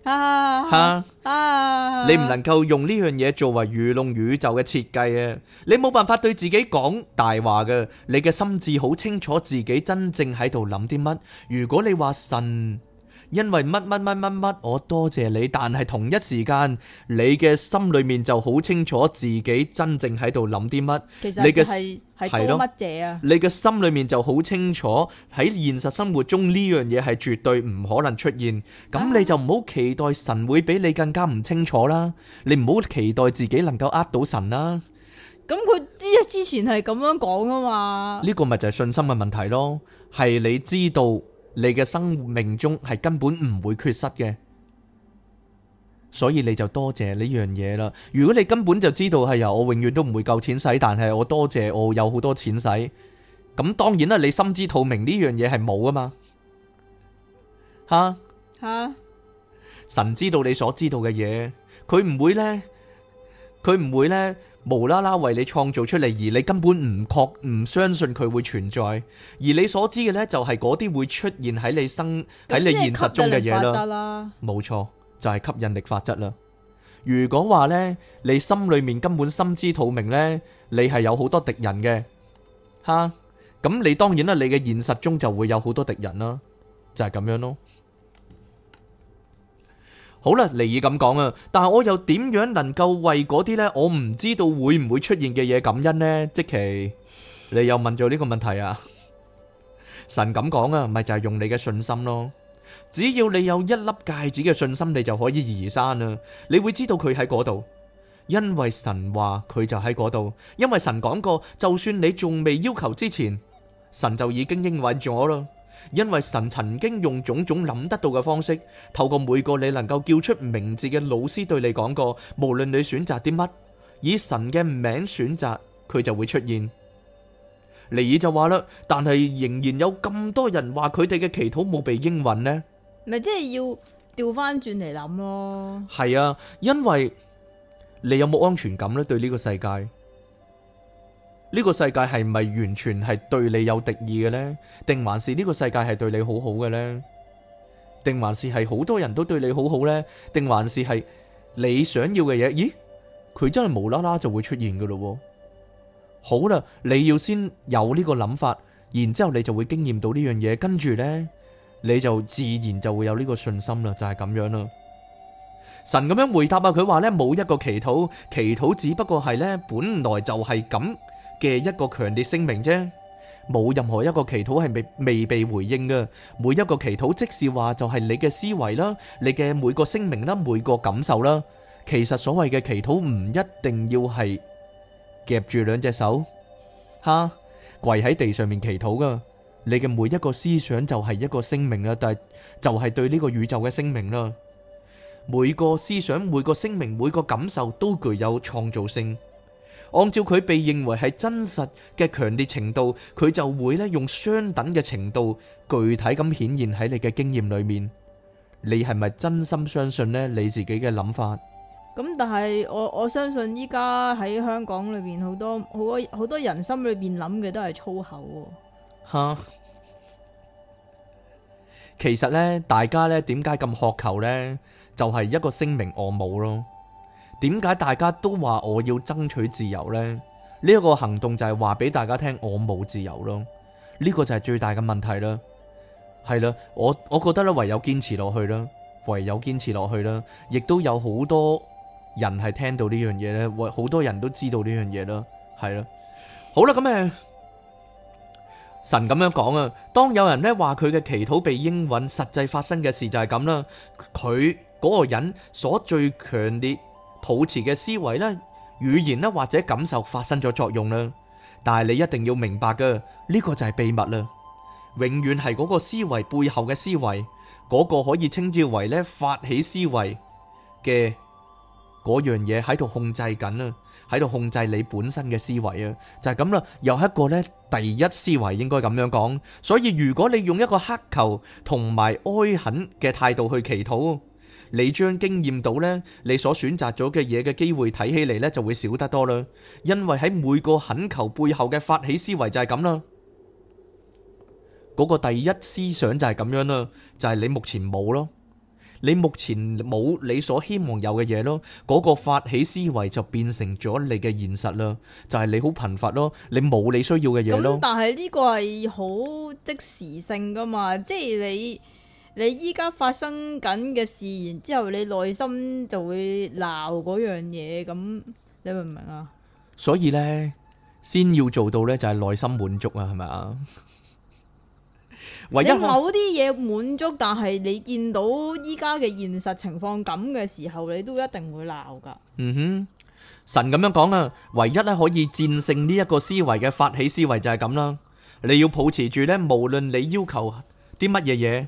啊，
吓吓，你唔能
夠用呢樣嘢作為愚弄宇宙嘅設計啊！你冇辦法對自己講大話嘅，你嘅心智好清楚自己真正喺度諗啲乜。如果你話神。因為乜乜乜乜乜，我多謝你，但係同一時間，你嘅心裏面就好清楚自己真正喺度諗啲乜。其實係係多你嘅的是心裏面就好清楚，喺現實生活中呢樣嘢係絕對唔可能出現。咁你就唔好期待神會比你更加唔清楚啦。你唔好期待自己能夠呃到神啦。
咁佢之之前係咁樣講啊嘛。呢、嗯
嗯、個咪就係信心嘅問題咯，係你知道。你嘅生命中係根本唔會缺失嘅，所以你就多謝呢樣嘢啦。如果你根本就知道係由、啊、我永遠都唔會夠錢使，但係我多謝我有好多錢使，咁當然啦，你心知肚明呢樣嘢係冇噶嘛吓吓哈神知道你所知道嘅嘢，佢唔會呢？佢唔會呢？無啦啦為你創造出嚟，而你根本唔確唔相信佢會存在，而你所知嘅呢，就係嗰啲會出現喺你生喺你現實中嘅嘢啦。冇錯，就係吸引力法則啦。如果話呢，你心裏面根本心知肚明呢，你係有好多敵人嘅吓，咁你當然啦，你嘅現實中就會有好多敵人啦，就係咁樣咯。好啦，尼爾咁講啊，但係我又點樣能夠為嗰啲呢？我唔知道會唔會出現嘅嘢感恩呢？即其你又問咗呢個問題啊？神咁講啊，咪就係、是，用你嘅信心咯，只要你有一粒戒指嘅信心，你就可以移山啊！你會知道佢喺嗰度，因為，神話佢就喺嗰度，因為神講過，就算你仲未要求之前，神就已經應允咗咯。因為神曾經用種種諗得到嘅方式，透過每個你能夠叫出名字嘅老師對你講過，無論你選擇啲乜，以神嘅名選擇，佢就會出現。尼爾就話啦，但係仍然有咁多人話佢哋嘅祈禱冇被應允呢？
咪即係要調翻轉嚟諗咯？
係啊，因為你有冇安全感呢？對呢個世界。呢個世界係咪完全係對你有敵意嘅呢？定還是呢個世界係對你好好嘅呢？定還是係好多人都對你好好呢？定還是係你想要嘅嘢？咦，佢真係無啦啦就會出現噶咯？好啦，你要先有呢個諗法，然之後你就會經驗到呢樣嘢，跟住呢，你就自然就會有呢個信心啦，就係咁樣啦。神咁樣回答啊，佢話呢，冇一個祈禱，祈禱只不過係呢，本來就係咁。嘅一個強烈聲明啫，冇任何一個祈禱係未未被回應嘅。每一個祈禱，即是話就係你嘅思維啦，你嘅每個聲明啦，每個感受啦。其實所謂嘅祈禱唔一定要係夾住兩隻手，吓跪喺地上面祈禱噶。你嘅每一個思想就係一個聲明啦，但係就係對呢個宇宙嘅聲明啦。每個思想、每個聲明、每個感受都具有創造性。按照佢被認為係真實嘅強烈程度，佢就會咧用相等嘅程度具體咁顯現喺你嘅經驗裏面。你係咪真心相信咧你自己嘅諗法？
咁但係我我相信依家喺香港裏邊好多好好多人心裏邊諗嘅都係粗口。
吓，其實呢，大家呢點解咁渴求呢？就係、是、一個聲明我冇咯。點解大家都話我要爭取自由呢？呢一個行動就係話俾大家聽，我冇自由咯。呢個就係最大嘅問題啦。係啦，我我覺得咧，唯有堅持落去啦，唯有堅持落去啦，亦都有好多人係聽到呢樣嘢咧，好多人都知道呢樣嘢啦。係啦，好啦，咁誒，神咁樣講啊，當有人呢話佢嘅祈禱被應允，實際發生嘅事就係咁啦。佢嗰個人所最強烈。好詞嘅思維咧，語言咧或者感受發生咗作用啦，但係你一定要明白噶，呢個就係秘密啦，永遠係嗰個思維背後嘅思維，嗰個可以稱之為咧發起思維嘅嗰樣嘢喺度控制緊啦，喺度控制你本身嘅思維啊，就係咁啦。有一個咧第一思維應該咁樣講，所以如果你用一個乞求同埋哀懇嘅態度去祈禱。你將經驗到呢，你所選擇咗嘅嘢嘅機會睇起嚟呢，就會少得多啦。因為喺每個懇求背後嘅發起思維就係咁啦，嗰個第一思想就係咁樣啦，就係你目前冇咯，你目前冇你所希望有嘅嘢咯，嗰個發起思維就變成咗你嘅現實啦，就係你好貧乏咯，你冇你需要嘅嘢咯。但
係呢個係好即時性噶嘛，即係你。你依家發生緊嘅事，然之後你內心就會鬧嗰樣嘢，咁你明唔明啊？
所以咧，先要做到咧就係內心滿足啊，係咪啊？有某
啲嘢滿足，但係你見到依家嘅現實情況咁嘅時候，你都一定會鬧噶。
嗯哼，神咁樣講啊，唯一咧可以戰勝呢一個思維嘅發起思維就係咁啦。你要保持住咧，無論你要求啲乜嘢嘢，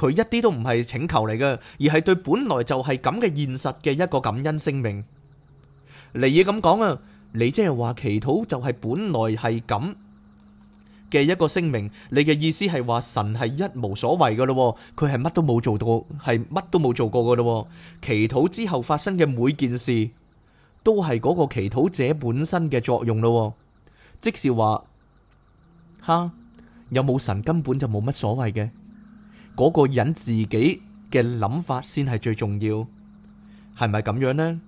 佢一啲都唔係請求嚟嘅，而係對本來就係咁嘅現實嘅一個感恩聲明。尼爾咁講啊，你即係話祈禱就係本來係咁嘅一個聲明。你嘅意思係話神係一無所為噶咯，佢係乜都冇做到，係乜都冇做過噶咯。祈禱之後發生嘅每件事，都係嗰個祈禱者本身嘅作用咯。即是話，吓有冇神根本就冇乜所謂嘅。嗰個人自己嘅諗法先係最重要，係咪咁樣呢？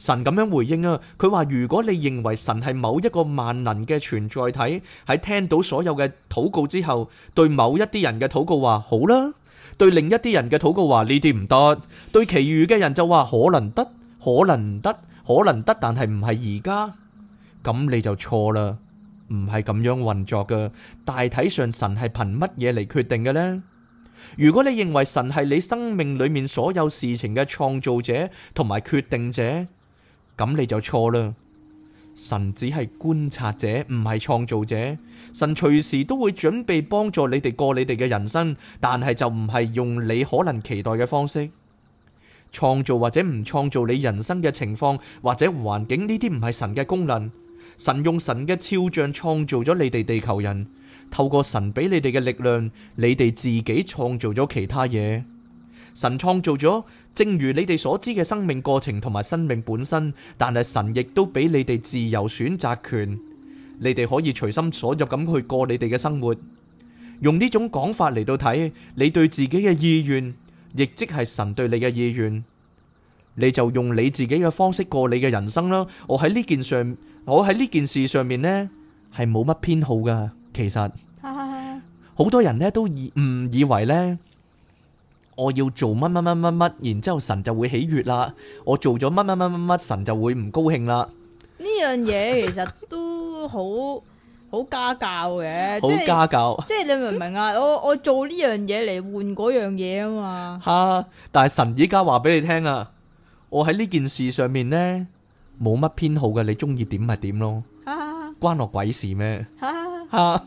神咁樣回應啊，佢話如果你認為神係某一個萬能嘅存在體，喺聽到所有嘅禱告之後，對某一啲人嘅禱告話好啦，對另一啲人嘅禱告話你哋唔得，對其餘嘅人就話可能得，可能唔得，可能得，但係唔係而家，咁你就錯啦，唔係咁樣運作㗎。大體上神係憑乜嘢嚟決定嘅呢？如果你認為神係你生命裏面所有事情嘅創造者同埋決定者，咁你就錯啦。神只係觀察者，唔係創造者。神隨時都會準備幫助你哋過你哋嘅人生，但係就唔係用你可能期待嘅方式。創造或者唔創造你人生嘅情況或者環境，呢啲唔係神嘅功能。神用神嘅肖像創造咗你哋地球人。透過神俾你哋嘅力量，你哋自己創造咗其他嘢。神創造咗，正如你哋所知嘅生命過程同埋生命本身。但係神亦都俾你哋自由選擇權，你哋可以隨心所欲咁去過你哋嘅生活。用呢種講法嚟到睇，你對自己嘅意願，亦即係神對你嘅意願，你就用你自己嘅方式過你嘅人生啦。我喺呢件上，我喺呢件事上面呢，係冇乜偏好㗎。其實好 多人咧，都以誤以為咧，我要做乜乜乜乜乜，然之後神就會喜悅啦。我做咗乜乜乜乜乜，神就會唔高興啦。
呢樣嘢其實都好好家教嘅， 好家教。即係你明唔明啊？我我做呢樣嘢嚟換嗰樣嘢啊嘛。
吓！ 但係神依家話俾你聽啊，我喺呢件事上面呢，冇乜偏好嘅，你中意點咪點咯。關落鬼事咩？吓，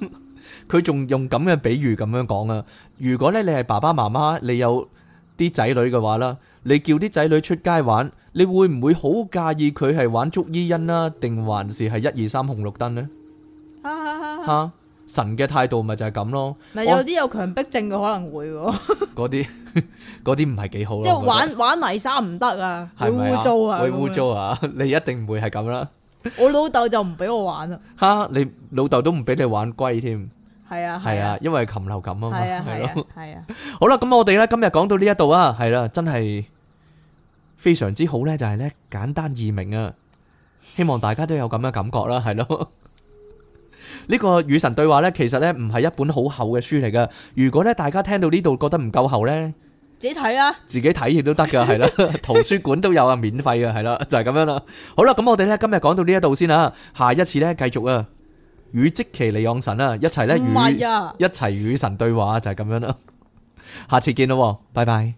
佢仲用咁嘅比喻咁樣講啊！如果咧你係爸爸媽媽，你有啲仔女嘅話啦，你叫啲仔女出街玩，你會唔會好介意佢係玩捉伊人啊，定還是係一二三紅綠燈呢？
吓，
神嘅態度咪就係咁咯。咪有啲
有強迫症嘅可能會。
嗰啲嗰啲唔係幾好咯。即係玩
玩泥沙唔得啊，會污糟啊，會污糟
啊，你一定唔會係咁啦。
我老豆就唔俾我玩啦！
哈，你老豆都唔俾你玩龜添，係啊係啊，啊，因為禽流感啊嘛，係啊，係啊。好啦，咁我哋咧今日講到呢一度啊，係啦、啊啊，真係非常之好咧，就係、是、咧簡單易明啊，希望大家都有咁嘅感覺啦，係咯、啊。呢、 呢個與神對話咧，其實咧唔係一本好厚嘅書嚟噶。如果咧大家聽到呢度覺得唔夠厚咧。
自己睇啦、
啊，自己睇亦都得噶，係啦， 圖書館都有啊，免費噶，係啦，就係、是、咁樣啦。好啦，咁我哋咧今日講到呢一度先啦，下一次咧繼續與即與啊，與積其利用神啊，一齊咧與一齊與神對話就係、是、咁樣啦，下次見啦，拜拜。